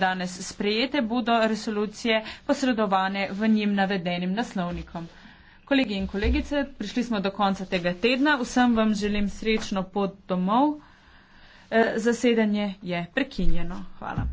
danes sprejete, bodo resolucije posredovane v njim navedenim naslovnikom. Kolegi in kolegice, prišli smo do konca tega tedna. Vsem vam želim srečno pot domov. Eh, zasedanje je prekinjeno. Hvala.